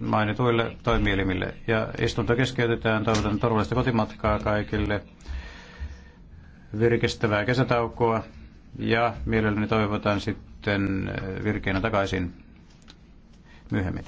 mainituille toimielimille. Ja istunto keskeytetään. Toivotan turvallista kotimatkaa kaikille, virkistävää kesätaukoa ja mielelläni toivotan sitten eh, virkeinä takaisin myöhemmin.